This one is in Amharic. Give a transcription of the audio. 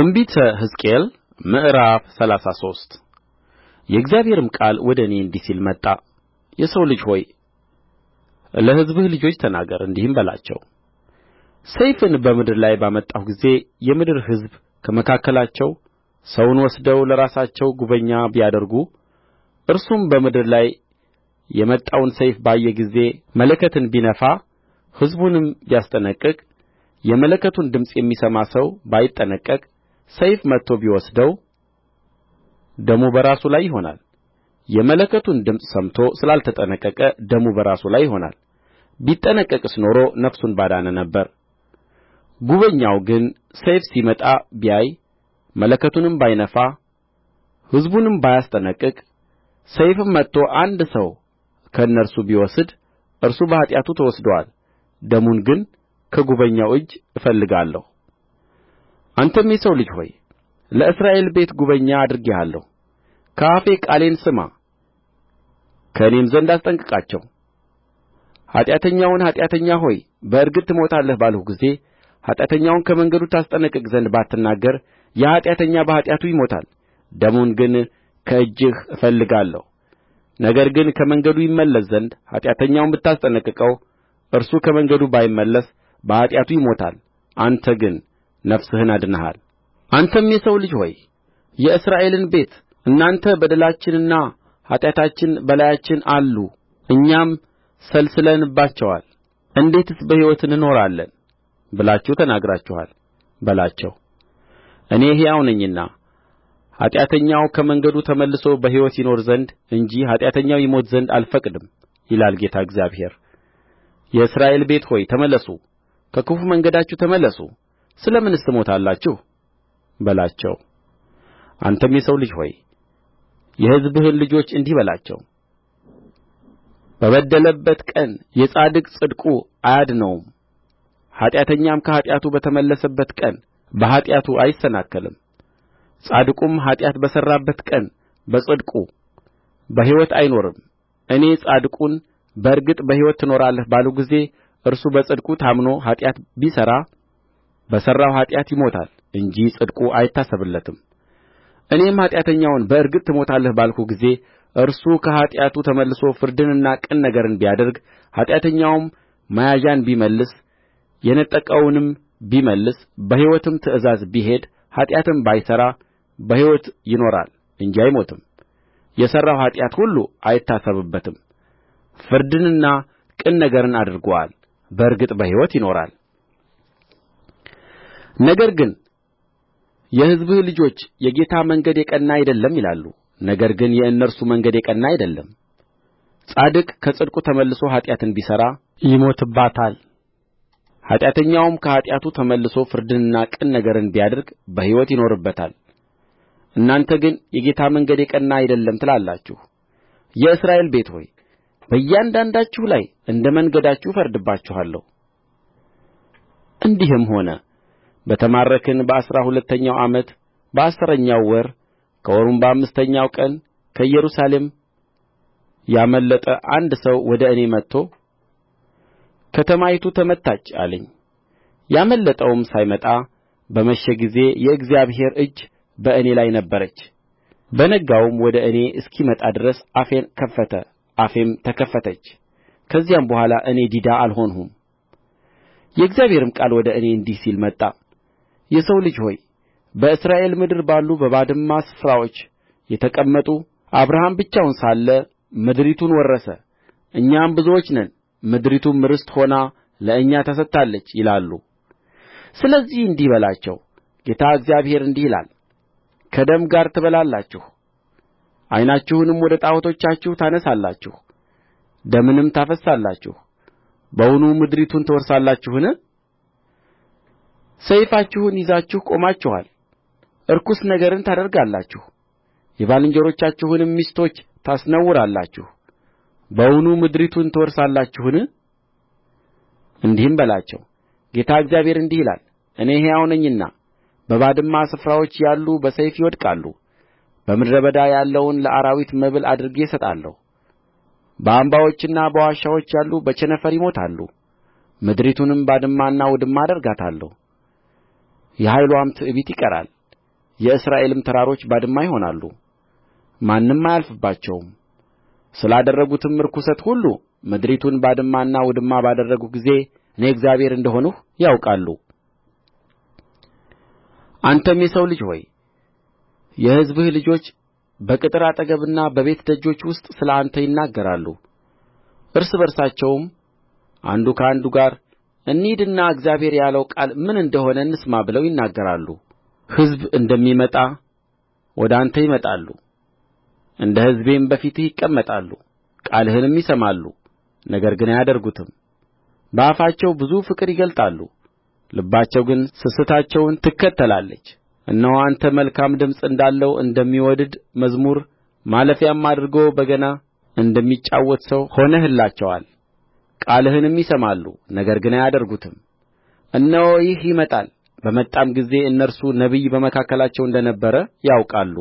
ትንቢተ ሕዝቅኤል ምዕራፍ ሰላሳ ሶስት የእግዚአብሔርም ቃል ወደ እኔ እንዲህ ሲል መጣ የሰው ልጅ ሆይ ለሕዝብህ ልጆች ተናገር እንዲህም በላቸው ሰይፍን በምድር ላይ ባመጣሁ ጊዜ የምድር ሕዝብ ከመካከላቸው ሰውን ወስደው ለራሳቸው ጕበኛ ቢያደርጉ እርሱም በምድር ላይ የመጣውን ሰይፍ ባየ ጊዜ መለከትን ቢነፋ ሕዝቡንም ቢያስጠነቅቅ የመለከቱን ድምፅ የሚሰማ ሰው ባይጠነቀቅ ሰይፍ መጥቶ ቢወስደው ደሙ በራሱ ላይ ይሆናል የመለከቱን ድምፅ ሰምቶ ስላልተጠነቀቀ ደሙ በራሱ ላይ ይሆናል ቢጠነቀቅስ ኖሮ ነፍሱን ባዳነ ነበር ጕበኛው ግን ሰይፍ ሲመጣ ቢያይ መለከቱንም ባይነፋ ሕዝቡንም ባያስጠነቅቅ ሰይፍም መጥቶ አንድ ሰው ከእነርሱ ቢወስድ እርሱ በኃጢአቱ ተወስዶአል ደሙን ግን ከጕበኛው እጅ እፈልጋለሁ አንተም የሰው ልጅ ሆይ ለእስራኤል ቤት ጕበኛ አድርጌሃለሁ ከአፌ ቃሌን ስማ ከእኔም ዘንድ አስጠንቅቃቸው ኃጢአተኛውን ኃጢአተኛ ሆይ በእርግጥ ትሞታለህ ባልሁ ጊዜ ኃጢአተኛውን ከመንገዱ ታስጠነቅቅ ዘንድ ባትናገር ያ ኃጢአተኛ በኃጢአቱ ይሞታል ደሙን ግን ከእጅህ እፈልጋለሁ ነገር ግን ከመንገዱ ይመለስ ዘንድ ኃጢአተኛውን ብታስጠነቅቀው እርሱ ከመንገዱ ባይመለስ በኃጢአቱ ይሞታል አንተ ግን ነፍስህን አድነሃል አንተም የሰው ልጅ ሆይ የእስራኤልን ቤት እናንተ በደላችንና ኃጢአታችን በላያችን አሉ እኛም ሰልስለንባቸዋል እንዴትስ በሕይወት እንኖራለን ብላችሁ ተናግራችኋል በላቸው እኔ ሕያው ነኝና ኃጢአተኛው ከመንገዱ ተመልሶ በሕይወት ይኖር ዘንድ እንጂ ኃጢአተኛው ይሞት ዘንድ አልፈቅድም ይላል ጌታ እግዚአብሔር የእስራኤል ቤት ሆይ ተመለሱ ከክፉ መንገዳችሁ ተመለሱ ስለ ምንስ ትሞታላችሁ በላቸው አንተም የሰው ልጅ ሆይ የሕዝብህን ልጆች እንዲህ በላቸው በበደለበት ቀን የጻድቅ ጽድቁ አያድነውም ኃጢአተኛም ከኃጢአቱ በተመለሰበት ቀን በኃጢአቱ አይሰናከልም ጻድቁም ኃጢአት በሠራበት ቀን በጽድቁ በሕይወት አይኖርም እኔ ጻድቁን በእርግጥ በሕይወት ትኖራለህ ባልሁ ጊዜ እርሱ በጽድቁ ታምኖ ኃጢአት ቢሠራ በሠራው ኃጢአት ይሞታል እንጂ ጽድቁ አይታሰብለትም እኔም ኃጢአተኛውን በእርግጥ ትሞታለህ ባልሁ ጊዜ እርሱ ከኃጢአቱ ተመልሶ ፍርድንና ቅን ነገርን ቢያደርግ ኃጢአተኛውም መያዣን ቢመልስ የነጠቀውንም ቢመልስ በሕይወትም ትእዛዝ ቢሄድ ኃጢአትም ባይሠራ በሕይወት ይኖራል እንጂ አይሞትም የሠራው ኃጢአት ሁሉ አይታሰብበትም ፍርድንና ቅን ነገርን አድርጎአል በእርግጥ በሕይወት ይኖራል ነገር ግን የሕዝብህ ልጆች የጌታ መንገድ የቀና አይደለም ይላሉ ነገር ግን የእነርሱ መንገድ የቀና አይደለም ጻድቅ ከጽድቁ ተመልሶ ኃጢአትን ቢሠራ ይሞትባታል ኃጢአተኛውም ከኃጢአቱ ተመልሶ ፍርድንና ቅን ነገርን ቢያደርግ በሕይወት ይኖርበታል እናንተ ግን የጌታ መንገድ የቀና አይደለም ትላላችሁ የእስራኤል ቤት ሆይ በእያንዳንዳችሁ ላይ እንደ መንገዳችሁ እፈርድባችኋለሁ እንዲህም ሆነ በተማረክን በአሥራ ሁለተኛው ዓመት በአሥረኛው ወር ከወሩም በአምስተኛው ቀን ከኢየሩሳሌም ያመለጠ አንድ ሰው ወደ እኔ መጥቶ ከተማይቱ ተመታች አለኝ ያመለጠውም ሳይመጣ በመሸ ጊዜ የእግዚአብሔር እጅ በእኔ ላይ ነበረች በነጋውም ወደ እኔ እስኪመጣ ድረስ አፌን ከፈተ አፌም ተከፈተች ከዚያም በኋላ እኔ ዲዳ አልሆንሁም የእግዚአብሔርም ቃል ወደ እኔ እንዲህ ሲል መጣ የሰው ልጅ ሆይ በእስራኤል ምድር ባሉ በባድማ ስፍራዎች የተቀመጡ አብርሃም ብቻውን ሳለ ምድሪቱን ወረሰ እኛም ብዙዎች ነን ምድሪቱም ርስት ሆና ለእኛ ተሰጥታለች ይላሉ ስለዚህ እንዲህ በላቸው ጌታ እግዚአብሔር እንዲህ ይላል ከደም ጋር ትበላላችሁ ዓይናችሁንም ወደ ጣዖቶቻችሁ ታነሣላችሁ ደምንም ታፈስሳላችሁ በውኑ ምድሪቱን ትወርሳላችሁን ሰይፋችሁን ይዛችሁ ቆማችኋል ርኩስ ነገርን ታደርጋላችሁ የባልንጀሮቻችሁንም ሚስቶች ታስነውራላችሁ በውኑ ምድሪቱን ትወርሳላችሁን እንዲህም በላቸው ጌታ እግዚአብሔር እንዲህ ይላል እኔ ሕያው ነኝና በባድማ ስፍራዎች ያሉ በሰይፍ ይወድቃሉ በምድረ በዳ ያለውን ለአራዊት መብል አድርጌ እሰጣለሁ በአምባዎችና በዋሾች ያሉ በቸነፈር ይሞታሉ ምድሪቱንም ባድማና ውድማ አደርጋታለሁ የኃይልዋም ትዕቢት ይቀራል የእስራኤልም ተራሮች ባድማ ይሆናሉ ማንም አያልፍባቸውም ስላደረጉትም ርኵሰት ሁሉ ምድሪቱን ባድማና ውድማ ባደረግሁ ጊዜ እኔ እግዚአብሔር እንደ ሆንሁ ያውቃሉ አንተም የሰው ልጅ ሆይ የሕዝብህ ልጆች በቅጥር አጠገብና በቤት ደጆች ውስጥ ስለ አንተ ይናገራሉ እርስ በርሳቸውም አንዱ ከአንዱ ጋር እንሂድና እግዚአብሔር ያለው ቃል ምን እንደ ሆነ እንስማ ብለው ይናገራሉ ሕዝብ እንደሚመጣ ወደ አንተ ይመጣሉ እንደ ሕዝቤም በፊትህ ይቀመጣሉ ቃልህንም ይሰማሉ ነገር ግን አያደርጉትም በአፋቸው ብዙ ፍቅር ይገልጣሉ ልባቸው ግን ስስታቸውን ትከተላለች እነሆ አንተ መልካም ድምፅ እንዳለው እንደሚወድድ መዝሙር ማለፊያም አድርጎ በገና እንደሚጫወት ሰው ሆነህላቸዋል ቃልህንም ይሰማሉ ነገር ግን አያደርጉትም እነሆ ይህ ይመጣል በመጣም ጊዜ እነርሱ ነቢይ በመካከላቸው እንደ ነበረ ያውቃሉ